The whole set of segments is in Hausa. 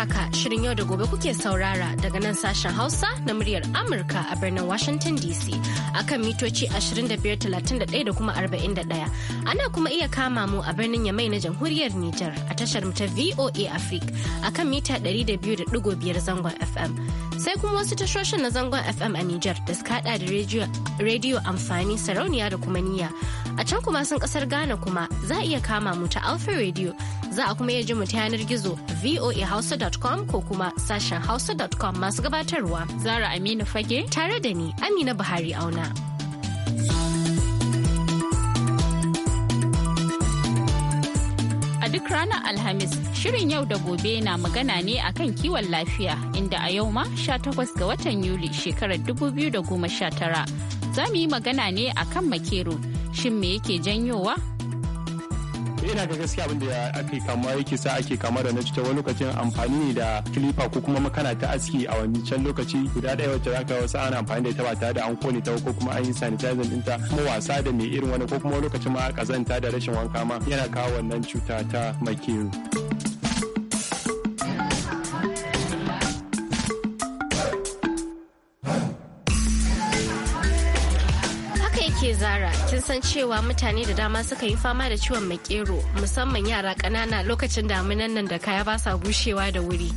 haka shirin yau da gobe kuke saurara daga nan sashen Hausa na muryar Amurka a birnin Washington DC akan mitoci 2531 da kuma 41. Ana kuma iya kama mu a birnin Yamai na jamhuriyar Nijar a tashar ta VOA Africa akan mita 200.5 zangon FM. Sai kuma wasu tashoshin na zangon FM a Nijar da suka hada da rediyo amfani sarauniya da kuma niyya. A can kuma sun kasar Ghana kuma za a iya kama mu ta Alpha Radio za a kuma iya ji mu ta yanar gizo voahausa.com ko kuma sashen hausa.com masu gabatarwa. Zara Aminu Fage tare da ni Amina Buhari Auna. duk ranar Alhamis shirin yau da gobe na magana ne akan kiwon lafiya inda a yau ma 18 ga watan Yuli shekarar 2019 za mu yi magana ne akan makero shin me yake janyowa ina ga gaskiya abin da ake kama yake sa ake kama da na cuta wani lokacin amfani ne da kilifa ko kuma makana ta aski a wancan lokaci guda ɗaya wacce za ka wasu ana amfani da ita ba tare da an kone ta ko kuma an yi sanitizer ɗinta kuma wasa da mai irin wani ko kuma lokacin ma kazanta da rashin wanka ma yana kawo wannan cuta ta makero. mun san cewa mutane da dama suka yi fama da ciwon makero musamman yara ƙanana lokacin damunan nan da kaya ba sa bushewa da wuri.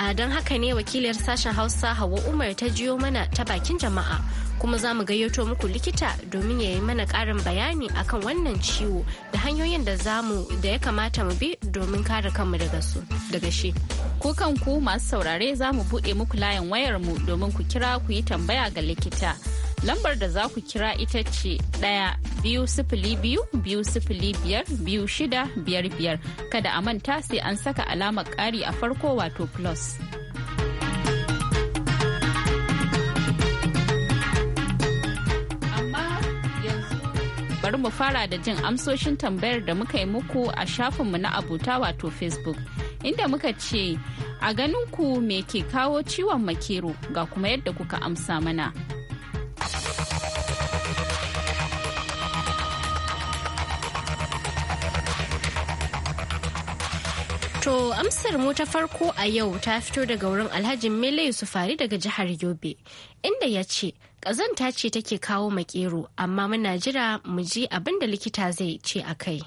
A don haka ne wakiliyar sashen Hausa Hawa Umar ta jiyo mana ta bakin jama'a kuma za mu gayyato muku likita domin ya yi mana karin bayani akan wannan ciwo da hanyoyin da za mu da ya kamata mu bi domin kare kanmu daga su daga shi. Ku kanku masu saurare za mu buɗe muku layin wayar mu domin ku kira ku yi tambaya ga likita. Lambar da za ku kira ita ce ɗaya biyu sifili biyu biyu sifili biyar biyu shida biyar biyar. Kada a manta sai an saka alamar ƙari a farko wato plus. bari mu fara da jin amsoshin tambayar da muka yi muku a shafinmu na abota wato facebook inda muka ce a ganin ku me ke kawo ciwon makero ga kuma yadda kuka amsa mana To amsar mu ta farko a yau ta fito daga wurin Alhaji Mele Yusufari daga jihar Yobe inda ya ce ƙazanta ce take kawo makero amma muna jira mu ji abin da likita zai ce a kai.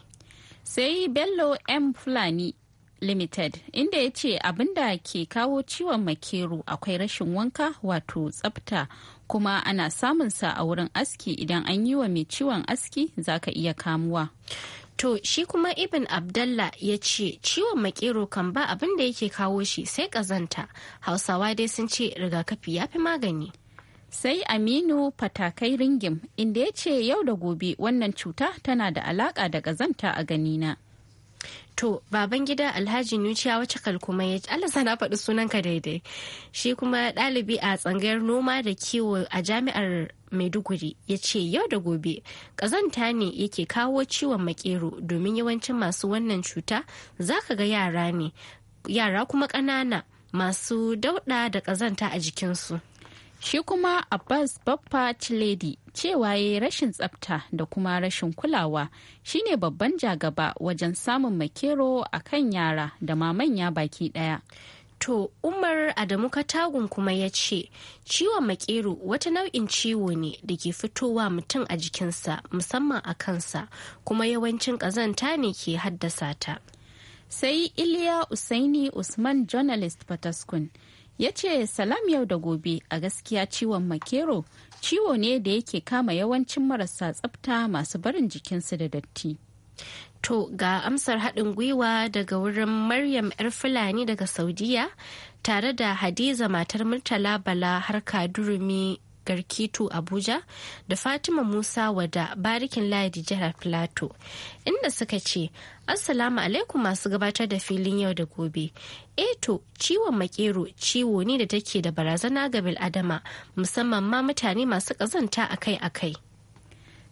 Sai Bello M Fulani Limited inda ya ce abin da ke kawo ciwon makero akwai rashin wanka wato tsabta kuma ana samunsa a wurin aski idan an yi wa mai ciwon aski zaka iya kamuwa. To shi kuma Ibn Abdallah ya ce ciwon makero kan ba abin da yake kawo shi sai kazanta. Hausawa dai sun ce rigakafi ya fi magani. Sai Aminu Fatakai Ringim inda ya ce yau da gobe wannan cuta tana da alaka da kazanta a ganina. To, baban gida Alhaji Nuciya wace kalkuma ya Allah sana faɗi sunanka daidai. Shi kuma ɗalibi a tsangayar noma da kiwo a jami'ar Maiduguri ya ce yau da gobe ƙazanta ne yake kawo ciwon makero domin yawancin masu wannan cuta za ka ga yara ne, yara kuma ƙanana masu dauɗa da ƙazanta a jikinsu. Shi kuma Abbas Baffa ciledi cewa ya rashin tsabta da kuma rashin kulawa shine babban jagaba wajen samun makero a kan yara da ma manya baki daya. To, Umar Adamu Katagun kuma ya ce, ciwon makero wata nau'in ciwo ne da ke fitowa mutum a jikinsa musamman a kansa kuma yawancin kazanta ne ke haddasa ta. Sai Iliya Usaini Usman Journalist Fataskun. ya ce salam yau da gobe a gaskiya ciwon makero ciwo ne da yake kama yawancin marasa tsafta masu barin jikinsu da datti to ga amsar haɗin gwiwa daga wurin maryam yar fulani daga saudiya tare da hadiza matar murtala bala har kadurumi garkitu abuja da fatima musa wada barikin ladi jihar filato inda suka ce assalamu alaikum masu gabatar da filin yau da gobe eto eh ciwon makero ciwo ne da take da barazana ga adama musamman ma mutane masu kazanta akai-akai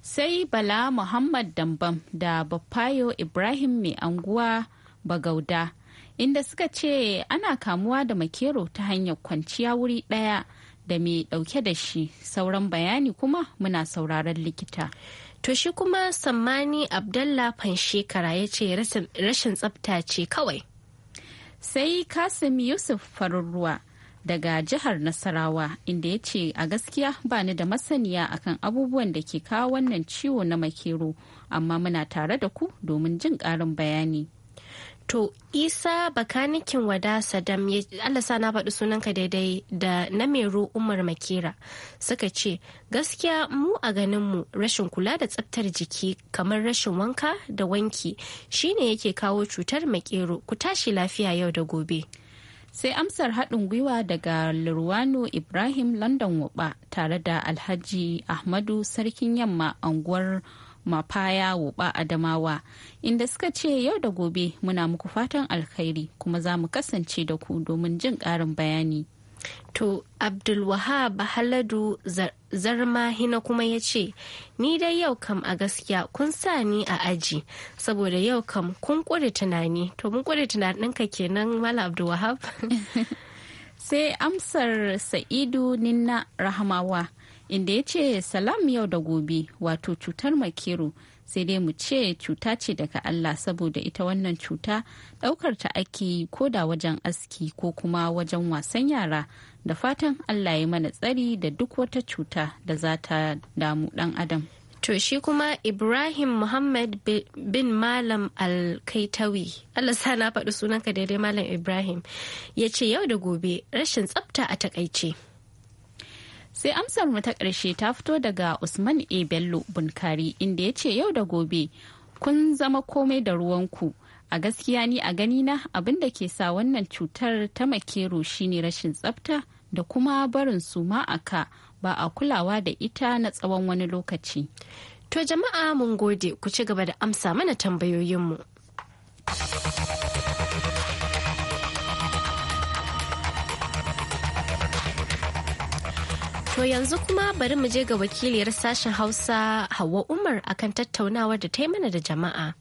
sai bala muhammad dambam da bafayo ibrahim mai anguwa bagauda inda suka ce ana kamuwa da makero ta hanyar kwanciya wuri ɗaya da me dauke da shi sauran bayani kuma muna sauraron likita to shi kuma sammani abdallah fanshekara ya ce rashin tsafta ce kawai sai kasim yusuf farin daga jihar nasarawa inda ya ce a gaskiya ba ni da masaniya akan abubuwan da ke kawo wannan ciwo na makero amma muna tare da ku domin jin ƙarin bayani To Isa bakanikin wada dam Allah sa na faɗi sunanka daidai da na mero Umar Makera suka ce gaskiya mu a ganinmu rashin kula da tsaftar jiki kamar rashin wanka da wanki shine yake kawo cutar makero ku tashi lafiya yau da gobe. sai amsar haɗin gwiwa daga lurwano ibrahim london wuɓa tare da alhaji ahmadu sarkin yamma anguwar mafaya wuba adamawa inda suka ce yau da gobe muna muku fatan alkhairi kuma za mu kasance da ku domin jin ƙarin bayani To Abdulwahab Haladu hina kuma ya ce, Ni dai yau kam a gaskiya kun sa ni a aji, saboda yau kam kun kuri tunani, to mun ƙure tunaninka kenan Mala Abdulwahab. Sai amsar Sa'idu Ninna Rahamawa inda ya ce salam yau da gobe wato cutar makero sai dai mu ce cuta ce daga Allah saboda ita wannan cuta daukar ta ake ko da wajen aski ko kuma wajen wasan yara da fatan Allah ya mana tsari da duk wata cuta da za ta damu dan adam. To shi kuma Ibrahim Muhammad bin Malam Alkaitawi, Allah sa na faɗi sunanka daidai Malam Ibrahim, ya ce yau da gobe rashin tsafta a takaice. sai amsar mu ta ƙarshe ta fito daga usman e bello bunkari inda ya ce yau da gobe kun zama komai da ruwanku a gaskiya ni a gani na abin da ke sa wannan cutar ta makero shine rashin tsafta da kuma barin su ma aka ba a kulawa da ita na tsawon wani lokaci to jama'a mun gode ku ci gaba da amsa mana tambayoyinmu. To yanzu kuma bari mu je ga wakiliyar sashen Hausa Hauwa Umar akan tattaunawar da ta yi mana da jama'a.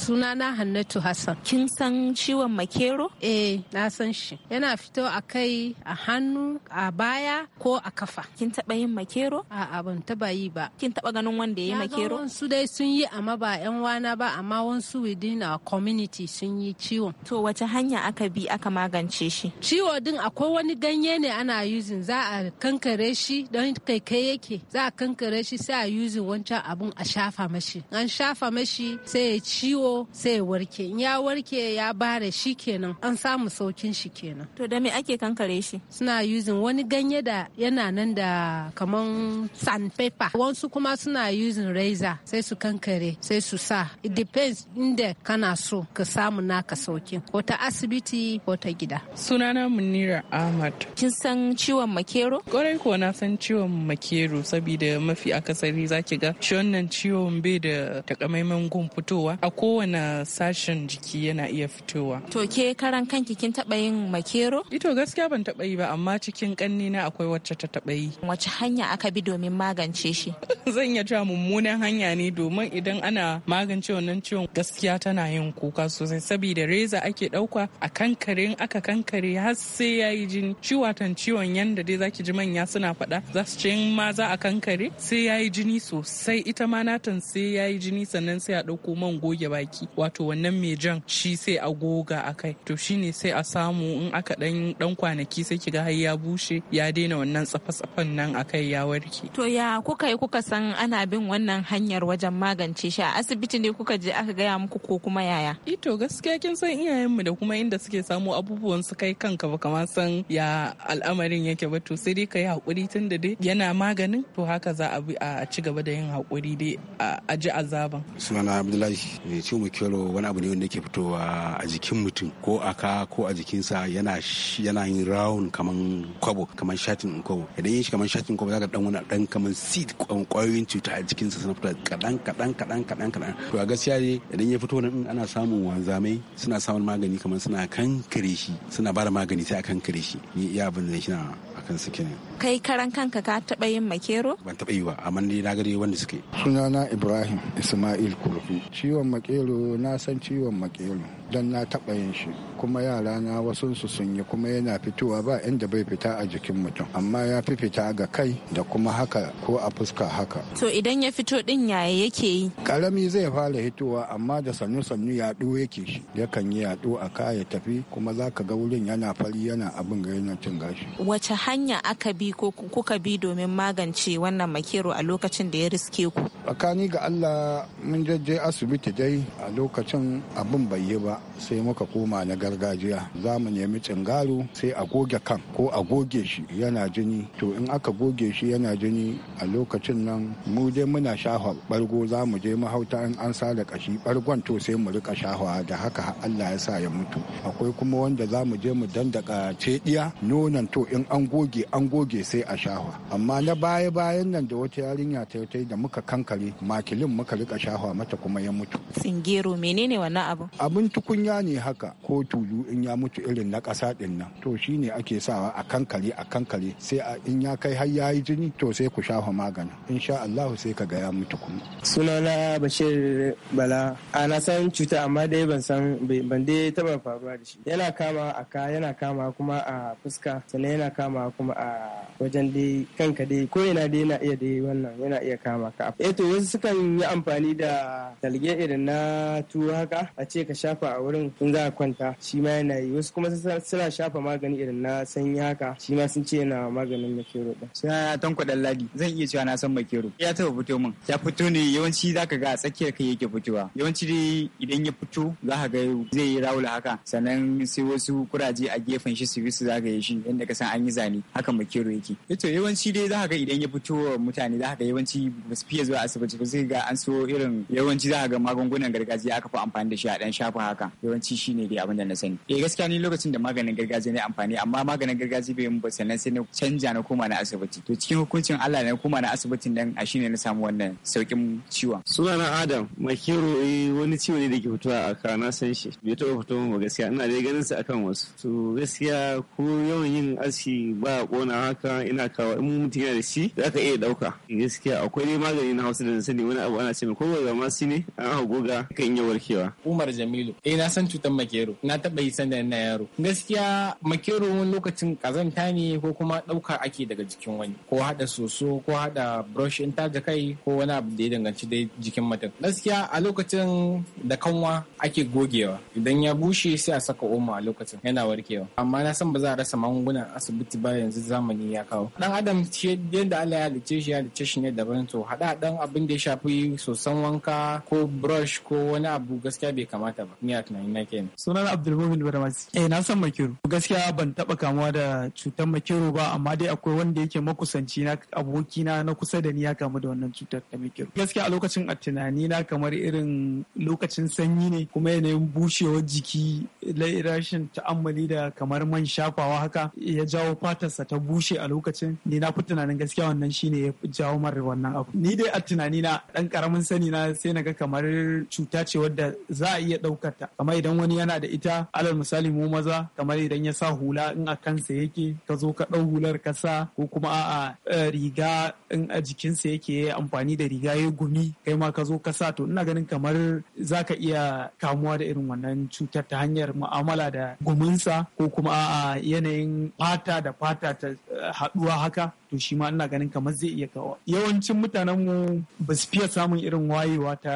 Sunana Hannatu Hassan. Kin san ciwon makero? Eh, na san shi. Yana fito a kai, a hannu, a baya ko a kafa. Kin taɓa yin makero? a abin taba yi ba. Kin taɓa ganin wanda ya yi makero? Wansu dai sun yi amma ba 'yan wana ba amma wansu within a community sun yi ciwon. To wace hanya aka bi aka magance shi? Ciwo din akwai wani ganye ne ana using za a kankare shi don kai kai yake za a kankare shi sai a using wancan abun a shafa mashi. An shafa mashi sai ciwo ko sai ya warke in ya warke ya bare shi kenan an samu saukin shi kenan to da me ake kankare shi suna using wani ganye da yana nan da kaman sandpaper wasu kuma suna using razor sai su kankare sai su sa it depends inda kana so ka samu naka saukin ko ta asibiti ko ta gida sunana munira ahmad kin san ciwon makero kwarai ko na san ciwon makero saboda mafi akasari zaki ga ciwon nan ciwon bai da takamaiman gun fitowa a kowane kowane sashen jiki yana iya fitowa. To ke karan kanki kin taɓa yin makero? Ito gaskiya ban taɓa yi ba amma cikin ƙanni na akwai wacce ta taɓa yi. Wace hanya aka bi domin magance shi? Zan iya cewa mummunan hanya ne domin idan ana magance wannan ciwon gaskiya tana yin kuka sosai saboda reza ake ɗauka a kankare aka kankare har sai ya yi jini. Ciwatan ciwon yanda dai zaki ji manya suna faɗa za su ce ma za a kankare sai ya yi jini sosai ita ma natan sai ya yi jini sannan sai a ɗauko man goge baki. baki wato wannan mai jan shi sai a goga a kai to shine sai a samu in aka dan dan kwanaki sai kiga har ya bushe ya daina wannan tsafa-tsafan nan a kai ya warke to ya kuka yi kuka san ana bin wannan hanyar wajen magance shi a asibiti ne kuka je aka gaya muku ko kuma yaya ito eh gaskiya kin san iyayenmu da kuma inda suke samu abubuwan su kai kanka ba kamar san ya al'amarin yake ba to sai dai ka hakuri tun da dai yana maganin to haka za a ci gaba da yin hakuri dai a ji azaban sunana abdullahi mai cin makero wani abu ne wanda yake fitowa a jikin mutum ko a ka ko a jikinsa yana yana yin rawun kaman kwabo kaman shatin kwabo idan yin shi kaman shatin kwabo zaka dan wani dan kaman seed kwayoyin cuta a jikinsa suna fita kadan kadan kadan kadan kadan to a gaskiya ne idan ya fito nan ana samun wanzamai suna samun magani kaman suna kankare shi suna da magani sai a kankare shi ni iya abin da shi na akan su kenan kai karan kanka ka taɓa yin makero? Ban taɓa yi ba, amma ni na gari wanda suke. Sunana Ibrahim Ismail Kurfi. Ciwon makero na san ciwon makero don na taba yin shi. Kuma yara na wasu su sun yi kuma yana fitowa ba inda bai fita a jikin mutum. Amma ya fi fita ga kai da kuma haka ko a fuska haka. To idan ya fito din yaya yake yi? Karami zai fara hitowa amma da sannu-sannu yaɗo yake shi. Yakan yi yaɗo a kaya tafi kuma za ka ga wurin yana fari yana abin ga yana cin gashi. Wace hanya aka bi ko kuka bi domin magance wannan makero a lokacin da ya riske ku tsakani ga allah mun jajje asibiti dai a lokacin abin bai yi ba sai muka koma na gargajiya za mu nemi cingaro sai a goge kan ko a goge shi yana jini to in aka goge shi yana jini a lokacin nan mu dai muna shafa bargo za mu je mahauta in an sa da kashi bargon to sai mu rika shafa da haka allah ya sa ya mutu akwai kuma wanda za mu je mu dandaka cediya nonon to in an goge an goge sai a shahwa amma na baya bayan nan da wata yarinya ta yi da muka kankare makilin muka rika shahwa mata kuma ya mutu tsingero menene wannan abu abin tukunya ne haka ko tulu in ya mutu irin na ƙasa din nan to shine ake sawa a kankare a kankare sai in ya kai har yayi jini to sai ku shafa magani insha Allah sai ka ga ya mutu kuma sunana Bashir Bala a na san cuta amma dai ban san ban dai taba faruwa da shi yana kama a ka yana kama kuma a fuska sannan yana kama kuma a wajen dai kanka dai ko yana dai yana iya dai wannan yana iya kama ka E to wasu sukan yi amfani da talge irin na tuwo haka a ce ka shafa a wurin in za ka kwanta shi ma yana yi wasu kuma suna shafa magani irin na sanyi haka shi ma sun ce yana maganin makero din ya tanko dan ladi zan iya cewa na san makero ya taba fito min ya fito ne yawanci za ka ga a tsakiyar kai yake fitowa yawanci dai idan ya fito za ka ga zai yi rawula haka sannan sai wasu kuraje a gefen shi su bi su zagaye shi yadda ka san an yi zane haka makero aiki to yawanci dai za ga idan ya fito wa mutane za ga yawanci ba su fiye zuwa asibiti ba sai ga an so irin yawanci za ga magungunan gargajiya aka fi amfani da shi a dan shafa haka yawanci shine dai abin da na sani eh gaskiya ni lokacin da maganin gargajiya ne amfani amma maganin gargajiya bai yi ba sannan sai na canja na koma na asibiti to cikin hukuncin Allah na koma na asibitin nan a shine na samu wannan saukin ciwon sunana Adam makero eh, wani ciwo ne da ke fitowa a kana san shi bai taɓa fito ba gaskiya ina dai ganin sa akan wasu to gaskiya ko yawan yin aski ba kona haka haka ina kawo in mutum yana da shi za ka iya ɗauka gaskiya akwai dai magani na hausa da na sani wani abu ana ce mai ko ga ne an hau goga kan iya warkewa. umar jamilu eh na san cutar makero na taɓa yi sanda na yaro gaskiya makero wani lokacin kazanta ne ko kuma ɗauka ake daga jikin wani ko haɗa soso ko haɗa brush in taja kai ko wani abu da ya danganci dai jikin mutum gaskiya a lokacin da kanwa ake gogewa idan ya bushe sai a saka omo a lokacin yana warkewa amma na san ba za a rasa magungunan asibiti ba yanzu zamani ya kawo dan adam yadda Allah ya halicce shi ya halicce shi ne daban to hada dan abin da ya shafi sosan wanka ko brush ko wani abu gaskiya bai kamata ba ni a tunanin na kenan sunan Abdulmumin Barmasi eh na san makero gaskiya ban taba kamuwa da cutar makero ba amma dai akwai wanda yake makusanci na aboki na na kusa da ni ya kamu da wannan cutar ta makero gaskiya a lokacin a tunani na kamar irin lokacin sanyi ne kuma yanayin bushewar jiki rashin ta'ammali da kamar man shafawa haka ya jawo fatarsa ta bushe a lokacin ni na fi tunanin gaskiya wannan shine ya jawo mar wannan abu ni dai a tunani na dan karamin sani na sai naga kamar cuta ce wadda za a iya daukar ta kamar idan wani yana da ita alal misali mu maza kamar idan ya sa hula in a kansa yake ka zo ka dau hular ka sa ko kuma a eh, riga in a jikinsa yake amfani da riga ya gumi kai ma ka zo ka sa to ina ganin kamar za ka iya kamuwa da irin wannan cutar ta hanyar mu'amala da guminsa ko kuma a yanayin fata da fata ta eh, haɗuwa haka to shi ma ina ganin kamar zai iya kawo yawancin mutanen mu ba su fiye samun irin wayewa ta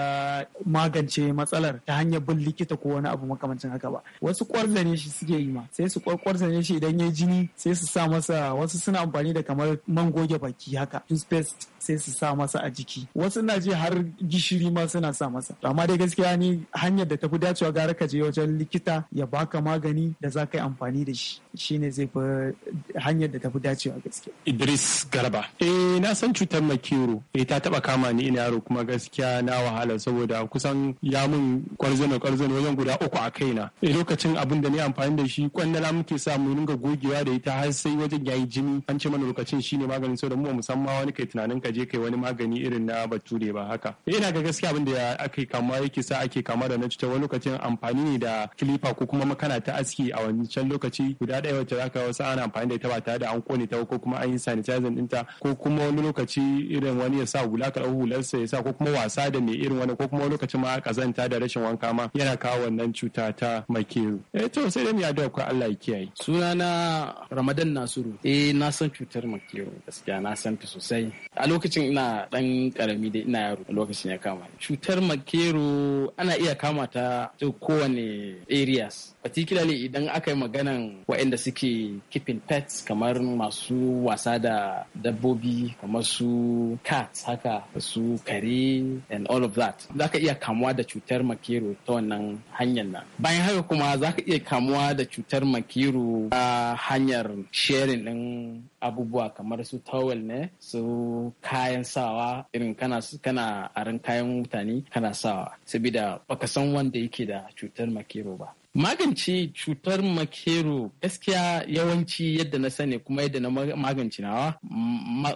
magance matsalar ta hanyar bin likita ko wani abu makamancin haka ba wasu kwarzane shi suke yi ma sai su kwarzane shi idan ya jini sai su sa masa wasu suna amfani da kamar man goge baki haka toothpaste sai su sa masa a jiki wasu na je har gishiri ma suna sa masa amma dai gaskiya ni hanyar da ta fi dacewa gara ka je wajen likita ya baka magani da za ka yi amfani da shi shine zai fi hanyar da ta fi dacewa gaskiya Idris Idris Garba. Eh na san cutar makero eh ta taba kama ni ina yaro kuma gaskiya na wahala saboda kusan ya mun kwarzana kwarzano wajen guda uku a kaina. Eh lokacin abin da ni amfani da shi kwandala muke sa mu ringa gogewa da ita har sai wajen yayi jini an ce mana lokacin ne maganin saboda mu musamman wani kai tunanin ka je kai wani magani irin na bature ba haka. Eh ina ga gaskiya abin da ake kama yake sa ake kama da na cutar wani lokacin amfani ne da kilifa ko kuma makana ta aski a wancan lokaci guda ɗaya wacce za ka wasu ana amfani da ita ba tare da an kone ta ko kuma an yi sanitizer advertising ɗinta ko kuma wani lokaci irin wani ya sa hula ka ɗau hularsa ya sa ko kuma wasa da mai irin wani ko kuma wani lokaci ma kazanta da rashin wanka ma yana kawo wannan cuta ta makero. Eh to sai dai mu yadda ko Allah ya kiyaye. Sunana Ramadan Nasiru. Eh na san cutar makero gaskiya na san ta sosai. A lokacin ina dan karami da ina yaro lokacin ya kama. Cutar makero ana iya kama ta kowane areas particularly idan aka yi maganan waɗanda suke keeping pets kamar masu wasa da dabbobi kamar su cats haka su kare and all of that za ka iya kamuwa da cutar makero ta wannan hanyar nan bayan haka kuma za ka iya kamuwa da cutar makero ta hanyar sharing din abubuwa kamar su towel ne su kayan sawa irin kana kana arin kayan mutane kana sawa saboda baka san wanda yake da cutar makero ba Magance cutar makero gaskiya yawanci yadda na sani kuma yadda na magance nawa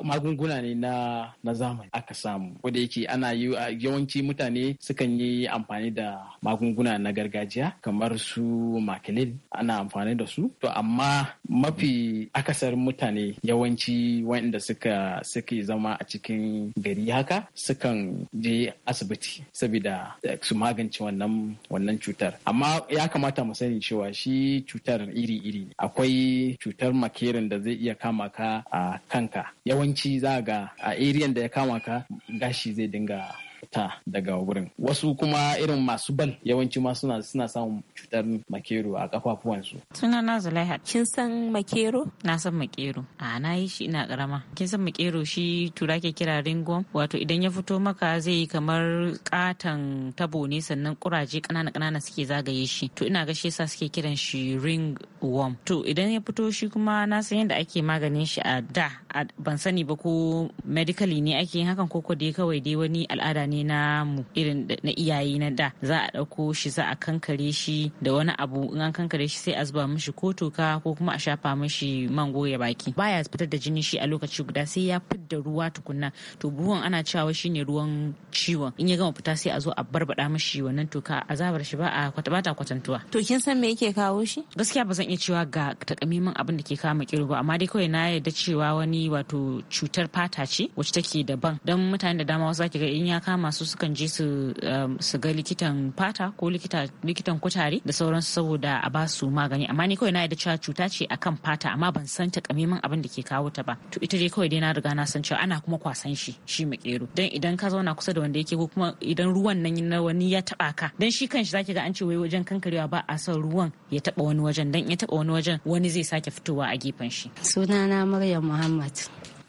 magunguna ne na, na zamani aka samu. wadda yake ana yi yawanci mutane sukan yi amfani da magunguna na gargajiya kamar su makilin ana amfani da su. To amma mafi akasar mutane yawanci wanda suka suke zama a cikin gari haka sukan je asibiti saboda su magance wannan wannan cutar. Amma ya kamata kamata mu sani cewa shi cutar iri-iri ne. Akwai cutar makerin da zai iya kama ka a kanka. Yawanci za ga a eriyan da ya kama ka gashi zai dinga fita daga wurin wasu kuma irin masu bal yawanci ma suna suna samun cutar makero a kafafuwansu suna na zulaiha kin san makero na san makero a na yi shi ina karama kin san makero shi tura ke kira ringworm wato idan ya fito maka zai yi kamar katan tabo ne sannan kuraje kanana kanana suke zagaye shi to ina ga shi suke kiran shi ringworm to idan ya fito shi kuma na san yadda ake maganin shi a da ban sani ba ko medically ne ake yin hakan ko ko dai kawai dai wani al'ada ne na mu irin na iyaye na da za a ɗauko shi za a kankare shi da wani abu in an kankare shi sai a zuba mishi ko toka ko kuma a shafa mishi man goya baki baya fitar da jini shi a lokaci guda sai ya fidda ruwa tukunna to ruwan ana cewa shi ne ruwan ciwon in ya gama fita sai a zo a barbada mishi wannan toka zabar shi ba a kwata kwatantuwa to kin san me yake kawo shi gaskiya ba zan iya cewa ga takamiman abin da ke kama kiro ba amma dai kawai na yarda cewa wani wato cutar fata ce wacce take daban dan mutane da dama wasu zaki ga in ya kama masu su sukan je um, su ga likitan fata ko likitan kutare da sauransu saboda a ba su magani amma ni kawai na da cewa cuta ce akan fata amma ban san ta kamimin abin da ke kawo ta ba to ita dai kawai dai na riga na san cewa ana kuma kwasan shi shi makero dan idan ka zauna kusa da wanda yake ko kuma idan ruwan nan na wani ya taba ka dan shi kanshi zaki ga an ce wai wajen kankarewa ba a son ruwan ya taba wani wajen dan ya taba wani wajen wani zai sake fitowa a gefen shi sunana Maryam Muhammad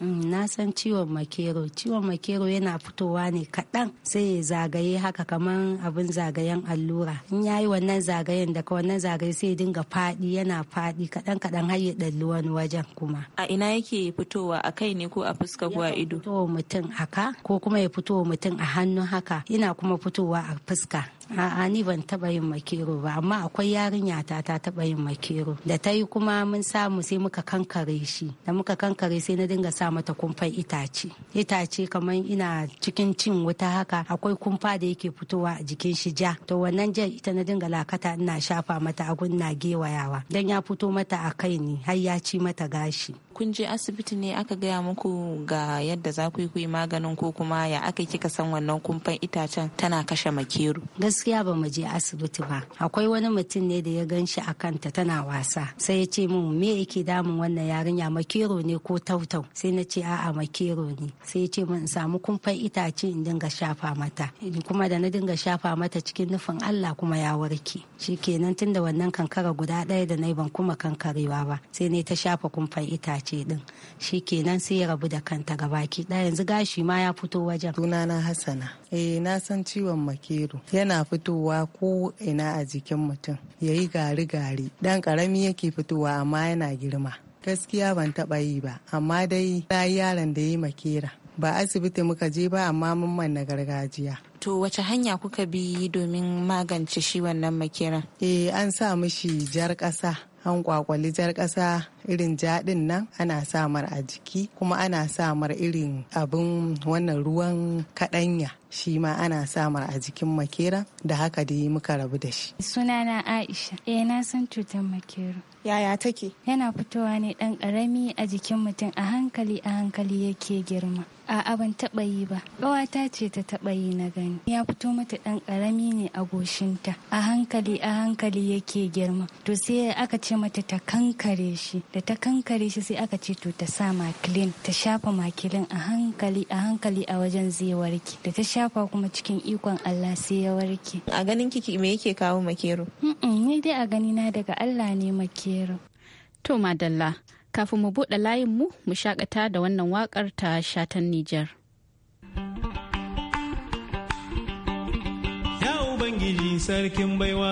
Mm, na san ciwon makero ciwon makero yana fitowa ne kaɗan sai ya zagaye haka kamar abin zagayen allura in ya yi wannan zagayen daga wannan zagaye sai dinga faɗi yana faɗi kaɗan kaɗan har ya ɗalli wani wajen kuma a ina yake fitowa a kai ne ko a fuska ko a ido fitowa mutum haka ko kuma ya fitowa mutum a hannu haka yana kuma fitowa a fuska a'a ni ban taba yin makero ba amma akwai yarinya ta ta taba yin makero da ta yi kuma mun samu sai muka kankare shi da muka kankare sai na dinga sa mata kumfan itace itace kamar ina cikin cin wuta haka akwai kumfa da yake fitowa a jikin shi ja to wannan jan ita na dinga lakata ina shafa mata a gunna gewayawa dan ya fito mata a kai ne har ya ci mata gashi kun je asibiti ne aka gaya muku ga yadda za ku yi maganin ko kuma ya aka kika san wannan kumfan itacen tana kashe makero gaskiya ba mu je asibiti ba akwai wani mutum ne da ya gan shi a kanta tana wasa sai ya ce mun me yake damun wannan yarinya makero ne ko tautau sai na ce a'a makero ne sai ya ce mun in samu kumfan itace in dinga shafa mata kuma da na dinga shafa mata cikin nufin Allah kuma ya warke shikenan tunda wannan kankara guda ɗaya da na ban kuma kankarewa ba sai ne ta shafa kumfan itace din shikenan sai ya rabu da kanta gabaki ɗaya yanzu gashi ma ya fito wajen sunana Hassana eh na san ciwon makero yana fitowa ko ina a jikin mutum ya yi gari-gari dan karami yake fitowa amma yana girma gaskiya ban taɓa yi ba amma dai yi yaron da ya yi makera ba asibiti muka je ba amma mun na gargajiya to wace hanya kuka bi domin magance shi wannan makeran eh an sa mishi jar ƙasa an kwakwali jar ƙasa irin jaɗin nan ana samar a jiki kuma ana samar irin abin wannan ruwan kaɗanya shi ma ana samar a jikin makera da haka dai muka rabu da shi. Sunana Aisha, eh na san cutar makera. Yaya take? Yana fitowa ne ɗan ƙarami a jikin mutum a hankali a hankali yake girma. A'a ban taɓa yi ba. Ƙawata ce ta taɓa yi na gani. Ya fito mata ɗan ƙarami ne a goshinta. A hankali a hankali yake girma. To sai aka ce mata ta kankare shi da da ta kankare shi sai aka ce to ta sa makilin ta shafa makilin a hankali a hankali a wajen zai warke da ta shafa kuma cikin ikon Allah sai ya warke a ganin kiki me yake kawo makero ni dai a gani na daga Allah ne makero to madalla kafin mu buɗe layin mu mu shakata da wannan wakar ta shatan Nijar Ya Ubangiji sarkin baiwa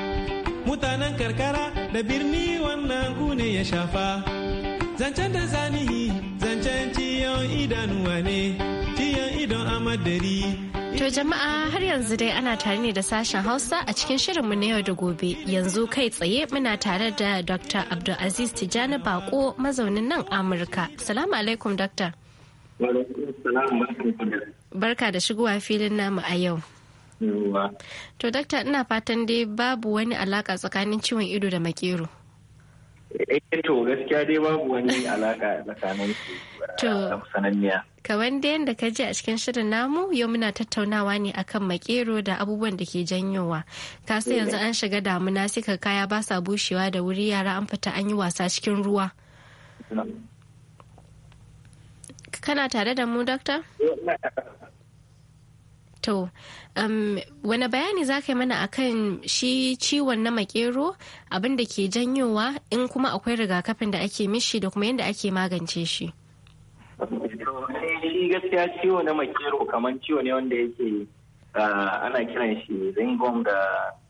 mutanen karkara da birni wannan ku ne ya shafa zancen da zanihi zancen ciyon idanuwa ne ciyon idon amadari To jama'a har yanzu dai ana tare ne da sashen Hausa a cikin shirin mu na yau da gobe. Yanzu kai tsaye muna tare da Dr. Abdulaziz Tijani Bako mazaunin nan Amurka. Salamu alaikum Dr. Barka da shigowa filin namu a yau. To dakta ina fatan dai babu wani alaka tsakanin ciwon ido da makero. Eh, eh to gaskiya dai babu wani alaka tsakanin eh, to da yadda ka ji a cikin shirin namu yau muna tattaunawa ne akan makero da abubuwan da ke janyowa. Ka sai yanzu an shiga damuna sai kaya ba sa bushewa da wuri yara an fita an yi wasa cikin ruwa. Kana tare da mu, Dokta? Eh, To, um, wani bayani za ka yi mana akan shi ciwon na makero abin da ke janyowa in kuma akwai rigakafin da ake mishi da kuma yadda ake magance shi? Shi gaskiya ciwo na makero kamar ciwo ne wanda yake ah, ana kiran shi ringom da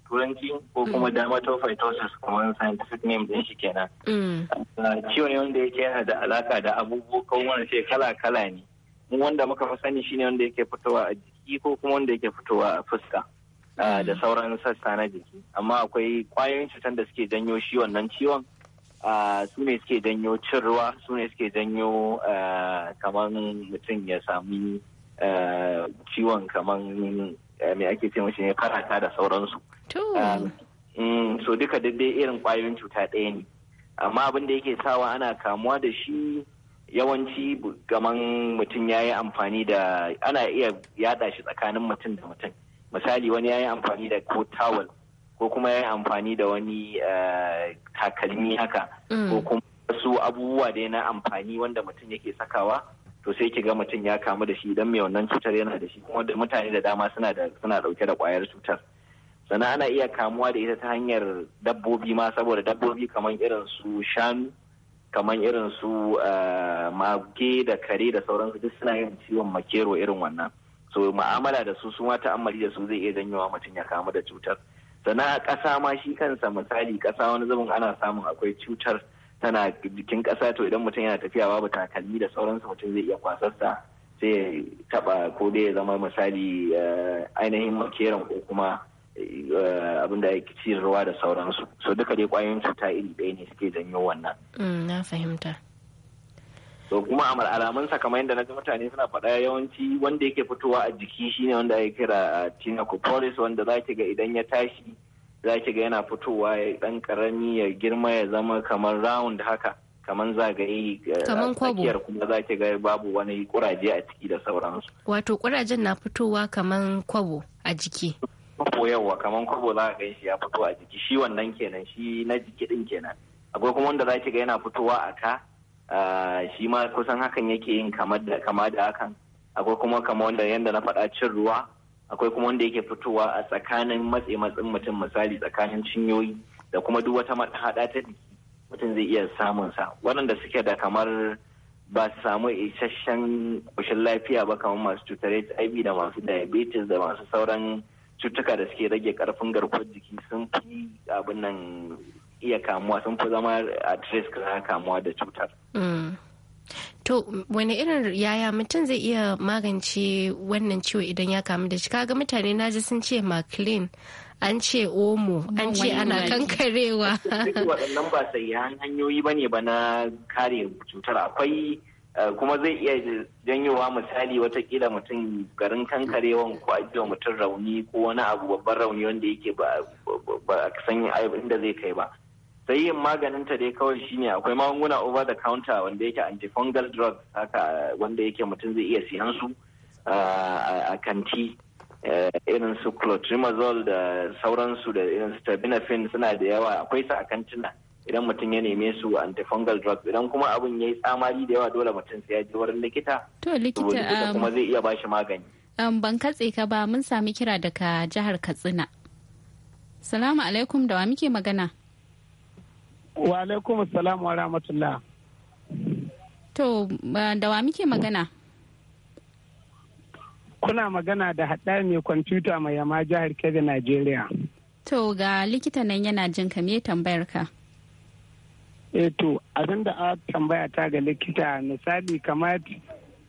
turanci ko kuma mm. dermatophytosis kamar scientific name din shi kenan. Mm. Ah, ciwo ne wanda yake yana da alaka da abubuwa kuma ce kala-kala ne. wanda muka fi sani shine wanda yake fitowa a baki ko kuma wanda yake fitowa a fuska ah, mm. da sauran sassa na jiki amma akwai kwayoyin cutar da suke janyo shi wannan ciwon ah, su ne suke janyo cin ruwa su ne suke janyo ah, kamar mutum ya sami ciwon kamar eh, mai ake ce mashi ne karata da sauransu um, mm, so duka daidai irin kwayoyin cuta ɗaya ne amma abin da yake sawa ana kamuwa da shi yawanci gaman mutum ya yi amfani da ana iya yada shi tsakanin mutum da mutum misali wani ya yi amfani da ko tawul ko kuma ya yi amfani da wani eh, takalmi haka mm. ko kuma wasu abubuwa da na amfani wanda mutum yake sakawa to sai ki ga mutum ya kamu da shi idan mai wannan cutar yana da shi kuma da mutane da dama suna da suna dauke da kwayar cutar sannan ana iya kamuwa da ita ta hanyar dabbobi ma saboda dabbobi kamar irin su shanu kamar irin su eh, mage da kare da sauransu duk suna yin ciwon makero irin wannan so ma'amala da su su ta ta'ammali da su zai iya wa mutum ya kamu da cutar sannan a ƙasa ma shi kansa misali ƙasa wani zubin ana samun akwai cutar tana jikin ƙasa to idan mutum yana tafiya babu takalmi da sauransu mutum zai iya kwasarsa sai taɓa ko dai ya zama misali eh, ainihin makeran ko kuma Eh, abin da ake ciyarwa da sauransu so duka dai kwayoyin cuta iri ɗaya ne suke janyo wannan mm, na fahimta so kuma a alamun kamar da na ji mutane suna faɗa yawanci wanda yake fitowa a jiki shine wanda ake kira eh, tinacopolis wanda za ga idan ya tashi za ga yana fitowa ya ɗan ƙarami ya girma ya zama kamar round haka kamar zagaye eh, kwabo kuma za ga babu wani kuraje a ciki da sauransu wato kurajen na fitowa kamar kwabo a jiki kwabo yawa kaman kwabo za ka shi ya fito a jiki shi wannan kenan shi na jiki din kenan akwai kuma wanda za ki ga yana fitowa a ka shi ma kusan hakan yake yin kama da kama da hakan akwai kuma kama wanda yanda na faɗa cin ruwa akwai kuma wanda yake fitowa a tsakanin matse matsin mutum misali tsakanin cinyoyi da kuma duk wata haɗa ta jiki mutum zai iya samun sa waɗanda suke da kamar ba su samu isasshen ƙoshin lafiya ba kamar masu cutar HIV da masu diabetes da masu sauran cutuka da suke rage karfin garkuwar jiki sun fi abin nan iya kamuwa sun fi zama at risk na kamuwa da cutar. Mm. To wani irin yaya mutum zai iya magance wannan ciwo idan ya kamu da shi kaga mutane na ji sun ce maclean an ce omo an ce ana kankarewa. Duk waɗannan ba sai hanyoyi ba ne ba na kare cutar akwai Eh, kuma zai iya janyowa misali watakila mutum garin kankarewan ko ajiyar mutum rauni ko wani abu babban rauni wanda yake ba a san inda zai kai ba sai yin maganin ta dai kawai shine akwai magunguna over the counter wanda yake antifungal drug haka wanda yake mutum zai iya siyan su a kanti eh, irin su clotrimazole da sauransu da irin su tabinafin suna da yawa akwai su a kantina idan mutum ya neme su antifungal drugs idan kuma abin ya yi tsamari da yawa dole mutum sai ya je wurin likita to likita um, kuma zai iya bashi magani um, ban katse ka ba mun sami kira daga jihar katsina salamu alaikum da wa muke magana wa alaikum assalamu wa rahmatullah to da wa muke magana kuna magana da haɗa mai kwamfuta mai yama jihar kebbi nigeria to ga likita nan yana jin ka me tambayar ka eh to abinda a tambaya ta ga likita misali kamar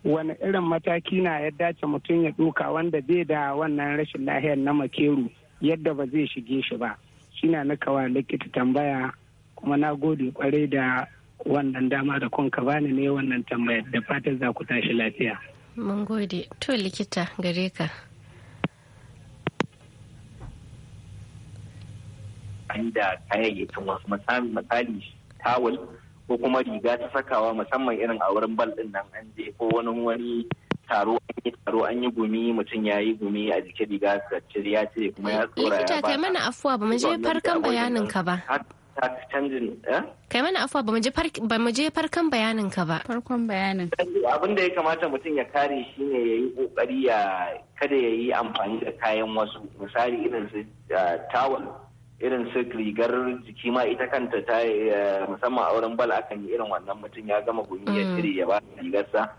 wani irin mataki na ya dace mutum ya ɗauka wanda bai da wannan rashin lahiyar na makeru yadda ba zai shige shi ba shi na kawa likita tambaya kuma na gode kwarai da wannan dama da kunka bani ne wannan tambayar da fatan za ku tashi lafiya mun gode to likita gare ka da kayayyakin wasu misali tawul ko kuma riga ta sakawa musamman irin a wurin bal din nan an je ko wani wani taro an yi taro an yi gumi mutum ya yi gumi a jikin riga ta cire ya cire kuma ya eh, tsora ya ba. Eh? kai mana afuwa ba mu je farkan bayanin ka ba. canjin kai mana afuwa ba mu je farkan bayanin ka ba. farkon bayanin. abin da ya kamata mutum ya kare shi ne ya yi kokari ya kada ya yi amfani da kayan wasu misali irin su eh, tawul irin su rigar jiki ma ita kanta ta eh, musamman wurin bala akan yi irin wannan mutum ya gama gumi ya mm. cire ya ba rigarsa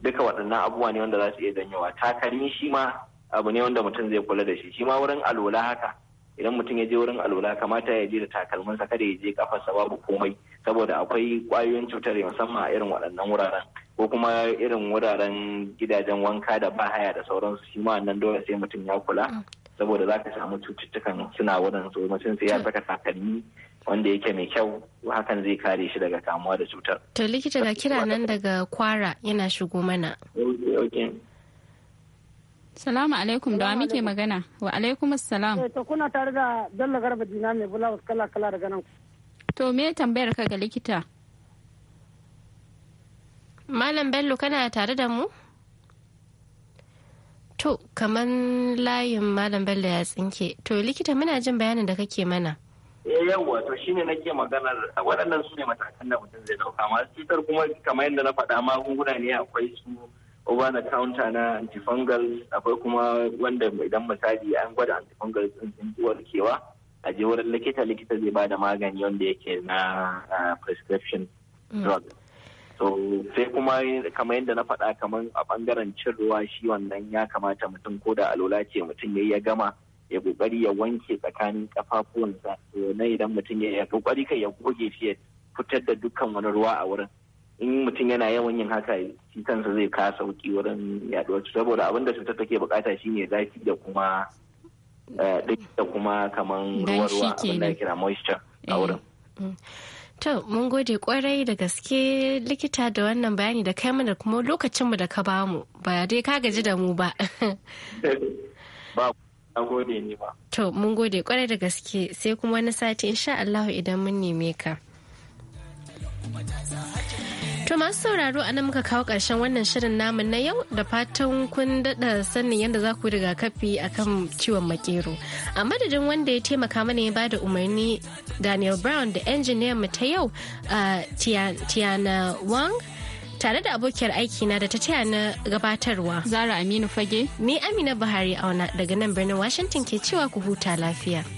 duka waɗannan abubuwa ne wanda za su iya danyewa takalmi shi ma abu ne wanda mutum zai kula da shi shi ma wurin alola haka idan mutum ya je wurin alola kamata ya je da takalminsa kada ya je kafarsa babu komai saboda akwai kwayoyin cutar musamman a irin waɗannan wuraren ko kuma irin wuraren gidajen wanka da bahaya da sauransu shi ma wannan dole sai mutum ya kula mm. saboda za ka samu cututtukan suna su mutum sai ya hmm. saka takalmi wanda yake mai kyau hakan zai kare shi daga kamuwa da cutar. To likita ga kira nan daga kwara yana shigo mana. Salamu alaikum da muke magana wa alaikum salam. Eh, to kuna tare da Bello Garba Dina mai bula kala kala daga nan. To me tambayar ka ga likita? Malam Bello kana tare da mu? To, kaman layin Malam Bello ya tsinke. To, likita muna jin bayanin da kake mana. Eh, yawwa to shine nake maganar waɗannan su ne matakan da mutum zai ɗauka masu cutar kuma kamar yadda na faɗa magunguna ne akwai su over the counter na antifungal akwai kuma wanda idan misali an gwada antifungal din sun warkewa a je wurin likita likita zai bada magani wanda yake na ah, prescription mm. drug so sai kuma kamar yadda na faɗa kamar a ɓangaren cin ruwa shi wannan ya kamata mutum ko da alola ce mutum ya yi ya gama ya kokari ya wanke tsakanin kafafuwansa na idan mutum ya kokari kai ya goge shi ya fitar da dukkan wani ruwa a wurin in mutum yana yawan yin haka shi kansa zai ka sauki wurin yaduwar saboda abin da cutar take bukata shine zafi da kuma eh, da kuma kamar ruwa ruwa abin da kira moisture a wurin eh, mm. To, mun gode kwarai da gaske likita da wannan bayani da kai mana kuma lokacinmu da ka bamu ba dai ka gaji da mu ba. ba. To, mun gode kwarai da gaske sai kuma wani sati insha Allah idan mun neme ka. To masu sauraro a nan muka kawo ƙarshen wannan shirin namu na yau da fatan kun daɗa sanin yadda za ku yi rigakafi kan ciwon makero. A madadin wanda ya taimaka mana ya bada umarni Daniel Brown da engineer mu ta yau Tiana Wang. Tare da abokiyar aikina da ta taya na gabatarwa. Zara Aminu Fage. Ni Amina Buhari auna daga nan birnin Washington ke cewa ku huta lafiya.